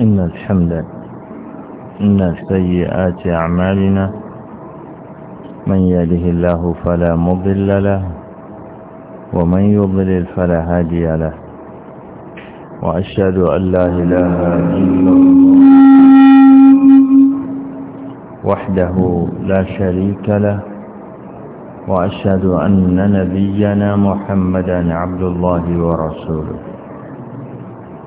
إن الحمد إن سيئات أعمالنا من يده الله فلا مضل له ومن يضلل فلا هادي له وأشهد أن لا إله إلا الله وحده لا شريك له وأشهد أن نبينا محمدا عبد الله ورسوله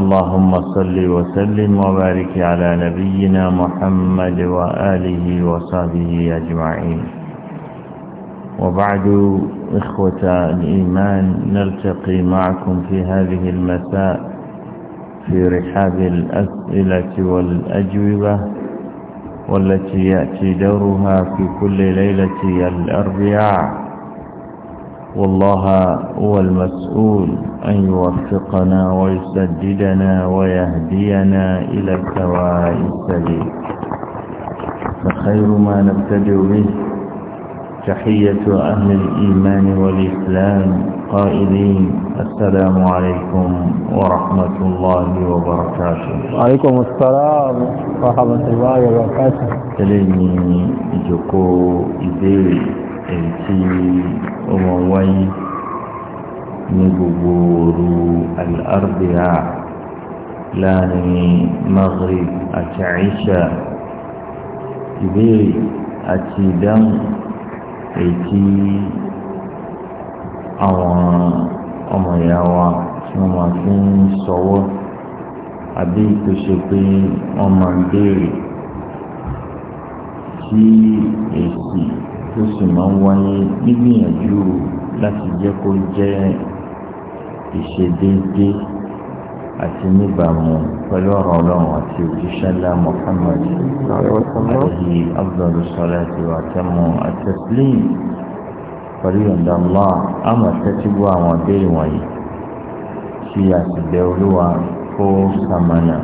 اللهم صل وسلم وبارك على نبينا محمد وآله وصحبه أجمعين وبعد إخوة الإيمان نلتقي معكم في هذه المساء في رحاب الأسئلة والأجوبة والتي يأتي دورها في كل ليلة الأربعاء والله هو المسؤول أن يوفقنا ويسددنا ويهدينا إلى التواء السبيل فخير ما نبتدئ به تحية أهل الإيمان والإسلام قائلين السلام عليكم ورحمة الله وبركاته وعليكم السلام ورحمة الله وبركاته سلمي جكو إذيري èyí tí ó máa ń wáyé ní gbogbo òru al-arbi'a láàrin maghrib àti aisha ìbéèrè àti ìdáhùn èyí àwọn ọmọ ìyá wa tí wọ́n máa fi ń sọwọ́ àbí tó ṣe pé wọ́n máa ń béèrè tí èsì ó sì máa ń wáyé nígbìyànjú láti jẹ́ kó jẹ́ ìṣedéédé àti níbàámu pẹ̀lú ọ̀rọ̀ ọlọ́run àti òjíṣẹ́ ńlá Muhammad àti abdul salatu àtẹmu àtẹsílẹ̀ pẹ̀lú ìyọ̀ǹda mọ́ àmọ̀ tẹ́tígbọ́ àwọn abẹ́rẹ́ wọ̀nyí tí a sì bẹ olúwa kó sàmànà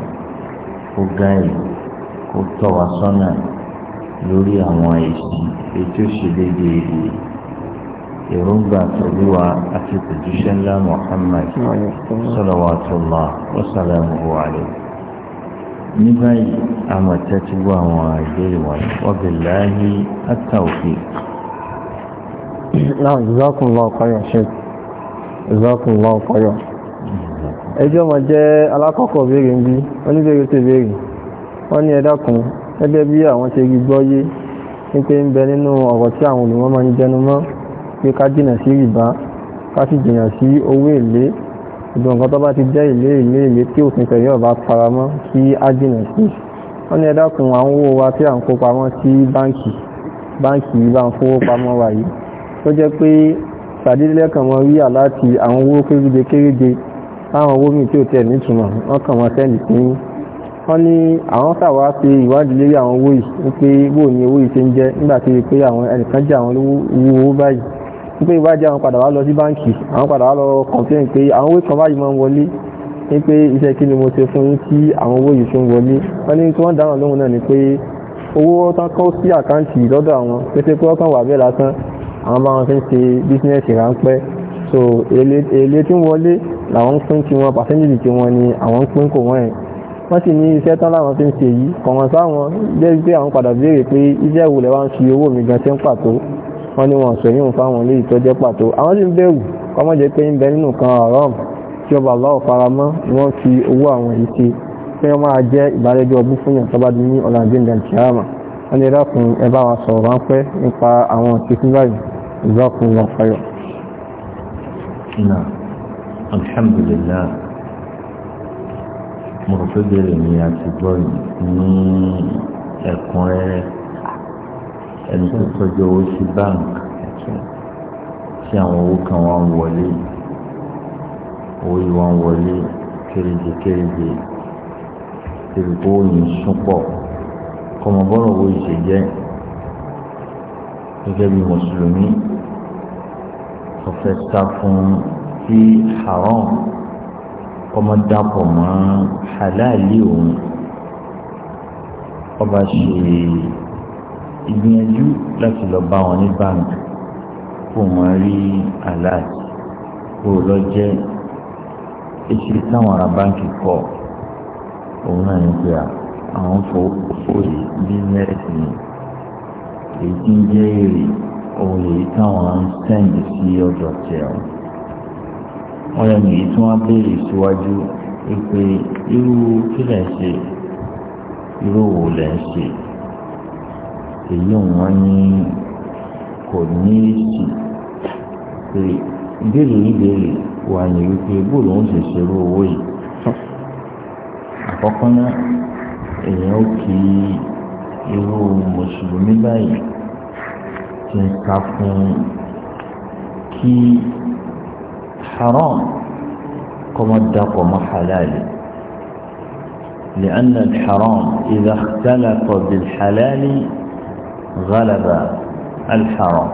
kó gáì kó tọ́ sọ́nà lórí àwọn èsì ètò ìṣèlédè èròǹgbà tòlúwa àti tòjúṣẹ́ ńlá Muhammad sọlọ́wọ́tòlá ọ̀sálàmù àlè. ní báyìí àmọ̀ tẹ́tíwọ́ àwọn ìbéèrè wọn wọ́bẹ̀ láàyè àtàwé. náà ìzákùnlá ọ̀kọ́yọ̀ ṣe ìzákùnlá ọ̀kọ́yọ̀. ẹjọ́ mọ̀ jẹ́ alákọ̀ọ́kọ́ béèrè ń bí oníbèrè tẹ̀ béèrè wọ́n ní ẹ̀dá kan gẹ́gẹ́ bí àwọn ṣe rí gbọ́yé wípé ń bẹ nínú ọ̀rọ̀ tí àwọn olùmọ̀ máa ń jẹnu mọ́ pé ká jìnà sí rìbá ká sì jìnà sí owó èlé ìgbọ̀n nǹkan tó bá ti jẹ́ ìlé ìlé ìlé tí òfin tẹ̀yọ́ bá faramọ́ kí á jìnà sí wọ́n ní ẹ àwọn owó wa tí à ń kó pamọ́ sí báǹkì báǹkì bá ń fowó pamọ́ wa yìí tó jẹ́ pé sàdídẹ́lẹ́kàn mọ́ rí àláti àwọn owó kéréje kéréje láwọn owó mi tí ò tẹ̀ nítumọ̀ wọ́n kàn wọ́n sẹ́ndì sí wọ́n ní àwọn sàwá ṣe ìwádìí lérí àwọn owó yìí wípé bó ni owó yìí ṣe ń jẹ́ nígbà tí wípé àwọn ẹnìkan jẹ́ àwọn owó owó báyìí wípé ìwádìí àwọn padà wá lọ sí báǹkì àwọn padà wá lọ kọ̀m̀pléìn pé àwọn owó kan báyìí máa ń wọlé wípé iṣẹ́ kí ni mo ṣe fún yín tí àwọn owó yìí ṣe ń wọlé wọ́n ní tí wọ́n dáhùn lóhùn náà ni pé owó tán kọ́ sí àkáǹtì lọ́dọ̀ àwọn pété pé ọkàn wà bẹ́ẹ̀ lásán àwọn bá wọn fi ń ṣe bísínẹ́sì ráńpẹ́ so èlé tí ń wọlé làwọn ń pín tiwọn pàṣẹ́ńjì tiwọn ni àwọn ń pín kò wọ́n ẹ̀ wọ́n sì ní iṣẹ́ tán láwọn fi ń ṣe yìí kọ̀wọ́n sáwọn jẹ́ pé àwọn padà béèrè pé iṣẹ́ wo lẹ wá ń fi owó mi gan ṣe ń pàtó wọ́n ní wọn sọ̀rọ̀ yóò fáwọn léyìí tó jẹ́ pàtó àwọn sì ń bẹ̀rù kọ́mọ́ jẹ́ pé ń bẹ nínú kan ọ̀rọ̀ tí ọba aláwọ̀ faramọ́ ni wọ́n fi owó àwọn yìí ṣe pé wọ́n máa jẹ́ ìbálẹ́jọ́ ọbú fún yàn tọ́ba ní ọ̀làǹdí ìdàkìyàmà wọ́n ní rákùn ẹ bá wa sọ̀rọ̀ ráńpẹ́ nípa àwọn òṣìṣẹ́ báyìí ìzọ́kùn lọ́fẹ́yọ̀. alhamdulillah mo rò pé bẹ̀rẹ̀ ni a ti gbọ́ ní ẹ̀kúnrẹ́rẹ́ ẹni tó tọ́jú owó sí báńkì tí àwọn owó kan wá ń wọlé owó yìí wá ń wọlé kéréje kéréje èrò owó yìí ń sún pọ̀ kọ̀mọ̀bọ́rọ̀ owó yìí ṣe jẹ́ gẹ́gẹ́ bí mùsùlùmí ọ̀fẹ́ sá fún tí haram kọ́mọ́dàpọ̀ mọ́ halali òun ọba ṣe ìgbìyànjú láti lọ bá wọn ní báńkì kó wọn rí aláàtì kó lọ jẹ èsì táwọn ará báńkì kọ òun náà ní pé àwọn fòfòrè bísíǹnẹ́sì ni èyí tí ń jẹ́ èrè òun lèyí táwọn ń sẹ́ǹdì sí ọjọ́ tẹ̀ ọ́ wọ́n yẹ nìyí tí wọ́n béèrè síwájú ìpè irú kí lẹ̀ ṣe irú wo lẹ̀ ṣe èyí wọn ní kò ní èsì pé ìbéèrè ìbéèrè wà ní wípé bóòlù ń ṣèṣe irú owó yìí àkọ́kọ́ náà èèyàn ó kí irú mùsùlùmí báyìí ti ń ka fún kí haram. كما داق ما حلال لأن الحرام إذا اختلط بالحلال غلب الحرام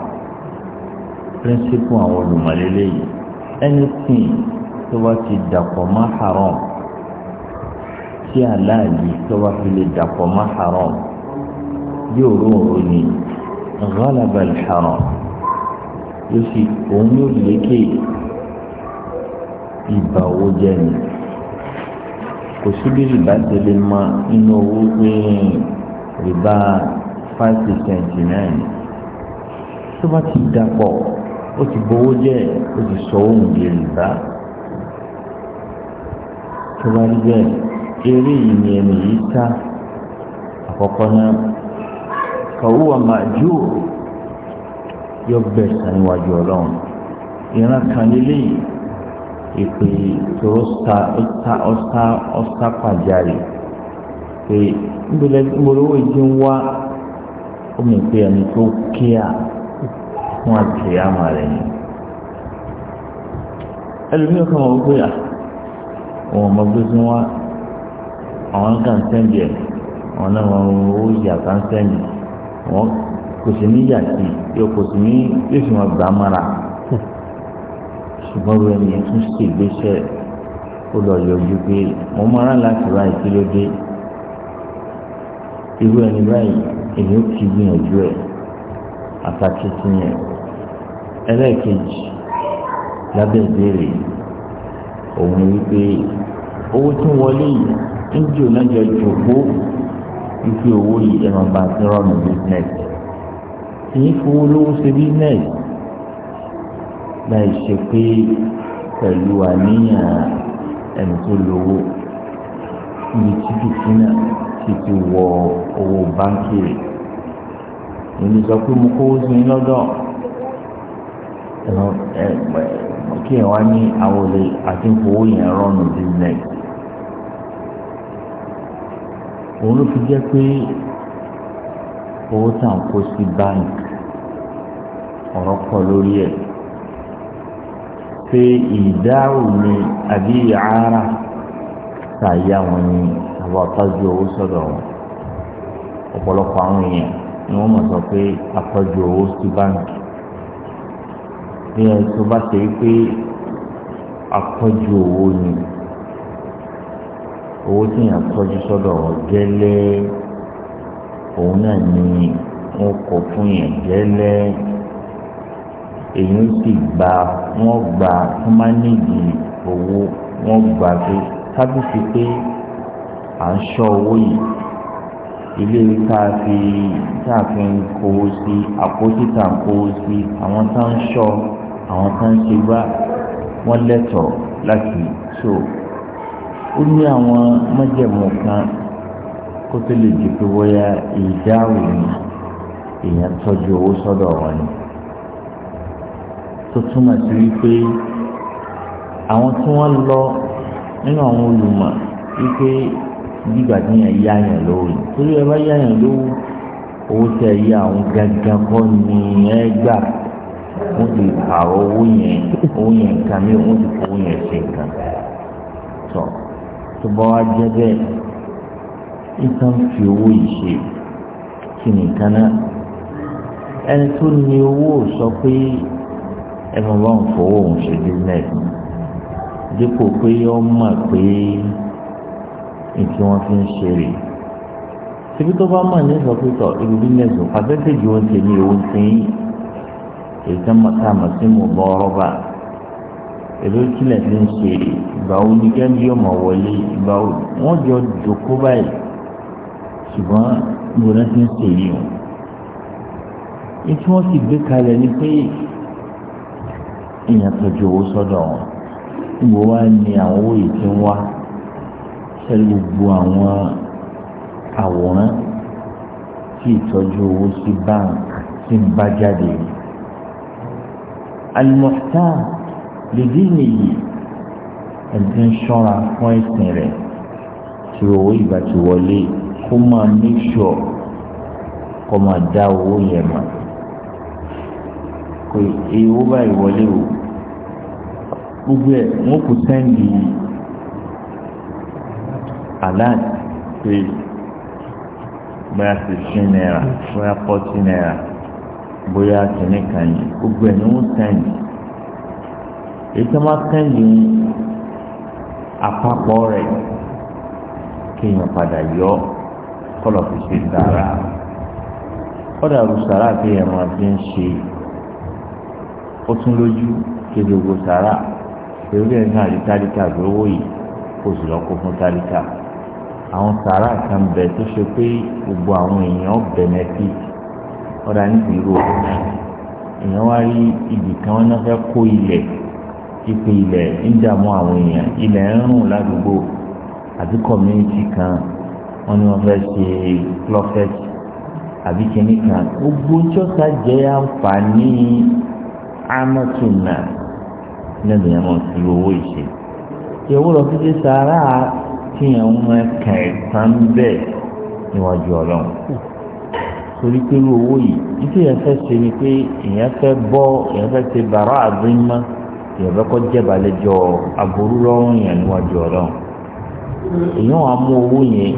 principe àwọn olùmọ̀lélẹ́ yìí anything tó bá ti dàpọ̀ má haram tí aláàlì tó bá fi lè dàpọ̀ má haram yóò róòrò ní ghalaba al-haram yóò sì òun yóò lékè ìbà owó jẹ́ ni kò sí bí rìbá ti lè mọ inú owó pé rìbá five percent náà ni tó bá ti dàpọ̀ ó ti bowó jẹ́ ó ti sọ ohun di rìbá tó bá rí bẹ́ẹ̀ eré yìí ni ẹni yìí ká àkọ́kọ́ náà kàwúwà máa jù yọ bẹ̀sán níwájú ọlọ́run ìran kan lélẹ́yìí ìpè ìṣòro sta ọ̀sta ọ̀sta ọ̀sta pàjáre pé níbẹ̀lẹ̀ ìgbòlówó ìdí ń wá omi pé ẹni tó kíá fún àti àmà rẹ̀ ni ẹlòmíì kan mọ̀ wípé à wọn mọ̀ pé tí wọ́n àwọn kan sẹ́ńdì ẹ̀ àwọn náà wọn owó ìyà kan sẹ́ńdì wọn kò sí ní yàtì yóò kò sí ní yóò sì ṣùgbọ́n wo ẹni tún sì gbéṣẹ́ ó lọ yọjú pé mo máa ń láti ra ìdílódé irú ẹni báyìí èyí ó ti gbìyànjú ẹ àtàkìtìyàn ẹlẹ́ẹ̀kejì lábẹ́ ìbéèrè òun wípé owó tí wọlé yìí ń jò náà jọ jòkó wípé owó yìí ẹ̀rọ bá ti rọrùn bísínẹ́sì kì í fowó lówó ṣe bísínẹ́sì láì ṣe pé pẹ̀lú àníyàn ẹni tó lówó níbi tí fìtínà ti ti wọ owó báńkì rẹ̀ èmi sọ pé mo kówó sí lọ́dọ̀ kí ẹ wá ní àwọn olè àti ìfowó yẹn rọrùn business òun ló fi jẹ́ pé owó tá kó sí báńkì ọ̀rọ̀ pọ̀ lórí ẹ̀ pé ìdáhùn ni àbí ìhárà tàyà wọn ni àwọn àtọ́jú owó sọ̀dọ̀ wọn ọ̀pọ̀lọpọ̀ àwọn èèyàn ni wọ́n mọ̀ sọ pé àtọ́jú owó sí báńkì bí ẹ tó bá ṣe pé àtọ́jú owó ni owó tí yàn tọ́jú sọ́dọ̀ wọn gẹ́lẹ́ òun náà ni wọ́n kọ fún yàn gẹ́lẹ́ èyí ń sì gba wọ́n gba wọ́n máa ń níbi owó wọ́n gba pé sábìsì pé à ń ṣọ́ owó yìí ilé tá a fi tá a fi ń kówó sí àpótí tá a ń kówó sí àwọn tá ń ṣọ́ àwọn tá ń ṣe gbá wọ́n lẹ́tọ̀ọ́ láti so ó ní àwọn májẹ̀mú kan kó tó lè di pé wọ́yá ìdáhùn èèyàn tọ́jú owó sọ́dọ̀ wọn ni tó túmọ̀ sí wípé àwọn tí wọ́n lọ nínú àwọn olùmọ̀ wípé gbígbà tí yẹn yá yẹn lówó yìí torí ẹ bá yá yẹn lówó owó tẹ yí àwọn gangan kọ́ ni ẹ gbà wọ́n ti pààrọ̀ owó yẹn owó yẹn nǹkan mi wọ́n ti fowó yẹn ṣe nǹkan tọ́ tó bá wá jẹ́ bẹ́ẹ̀ nǹkan fi owó yìí ṣe kí nìkan náà ẹni tó ní owó sọ pé ẹ mọ bá ń fowó òun ṣe business dípò pé ó mọ̀ pé nǹkan wọn fi ń ṣe rè síbi tó bá mọ̀ ní sọ́kítọ̀ ibi business pàṣẹ́tẹ̀jì wọn ti ní owó sí èyí tó mọ̀ tá a mọ̀ sí mo bọ́ rọ́bà èló kílẹ̀ ti ń ṣe ìgbà wo ni kẹ́mi yóò mọ̀ wọlé ìgbà wo jọ dòkó báyìí ṣùgbọ́n ìgbóná ti ń ṣe yìí o ètò wọn ti gbé kalẹ̀ ni pé èèyàn tọ́jú owó sọ́dọ̀ wọn gbogbo wa ni àwọn owó yìí ti ń wá sẹ́rí gbogbo àwọn àwòrán tí ìtọ́jú owó sí báńkì ti ń bá jáde alimọ̀tá lèdí nìyí ẹ̀dí ń ṣọ́ra fún ẹ̀sìn rẹ̀ tí owó ìgbà tí wọlé kó máa make sure kó máa dá owó yẹn mọ̀ pé èyí báyìí wọlé o gbogbo ẹ̀ wọ́n kò sẹ́ndì alert pé bóyá fifteen naira bóyá forty naira bóyá kìnnì kan yìí gbogbo ẹ̀ ni wọ́n sẹ́ndì èyí tó máa sẹ́ndì àpapọ̀ rẹ̀ kéèyàn padà yọ kọlọ̀ fi ṣe sàrà kọ́dà ru sàrà kéèyàn máa fi ń ṣe ó tún lójú kéde ògbó sàrà torí ẹ̀ náà rí tálíkà gbé owó yìí kó sì lọ́kọ́ fún tálíkà àwọn sàrà kan bẹ tó ṣe pé gbogbo àwọn èèyàn benefit ọ̀dà níbi irú òkú èèyàn wá rí ibì kan wọn náà fẹ́ kó ilẹ̀ ipò ilẹ̀ ń dààmú àwọn èèyàn ilẹ̀ ń rùn ládùúgbò àti community kan wọn ni wọn fẹ́ ṣe clubfest àbí kìnnìkan gbogbo tí ó sá jẹ́ àǹfààní amọ̀tún náà lèèyàn máa fi owó ìṣe ìyẹ̀wò lọ sí sàárà kíyàn máa kẹ̀ẹ̀kan bẹ́ẹ̀ níwájú ọlọ́run torí pé irú owó yìí títí yẹn fẹ́ ṣe ni pé èèyàn fẹ́ bọ́ èèyàn fẹ́ ṣe bàrà àdúmọ́ èèyàn fẹ́ kọ́ jẹ́balẹ́jọ aburú lọ́rùn yẹn níwájú ọlọ́run èèyàn wàá mú owó yẹn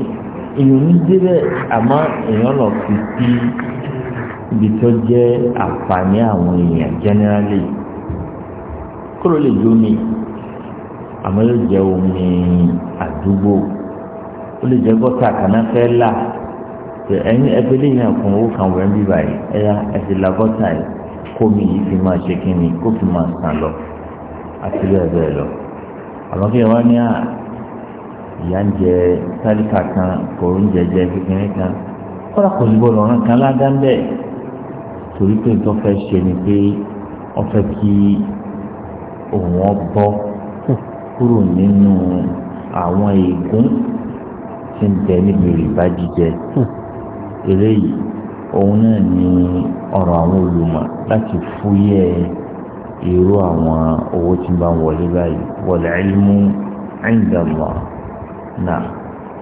èèyàn ní débẹ̀ àmọ́ èèyàn lọ fi sí ibi tó jẹ́ àǹfààní àwọn èèyàn generally kúrò lè jómi àmọ́ yóò jẹ́ omi àdúgbò ó lè jẹ́ gọ́tà kaná fẹ́ là ẹ̀yin ẹgbẹ́lẹ́ yẹn kún owó kan wẹ̀ bí báyìí ẹ̀yà ẹ̀sìn la gọ́tà yìí kómi yìí fi máa ṣe kí ni kó fi máa sàn lọ àti bẹ́ẹ̀ bẹ́ẹ̀ lọ àmọ́ kí wọ́n ní à ìyá ń jẹ sálíkà kan kò ń jẹjẹ kékeré kan kọ́lá kò ní gbọ́dọ̀ ọ̀ràn kan ládàá ń bẹ́ẹ̀ torí pé nǹkan fẹ́ ṣe ni pé ọ fẹ́ kí òun ọbọ kúrò nínú àwọn ègún tí ń bẹ níbi rìbá jíjẹ eléyìí òun náà ni ọ̀rọ̀ àwọn olùmọ̀ láti fúyẹ́ irú àwọn owó tí ń bá wọlé báyìí wal ilmu inda Allah náà.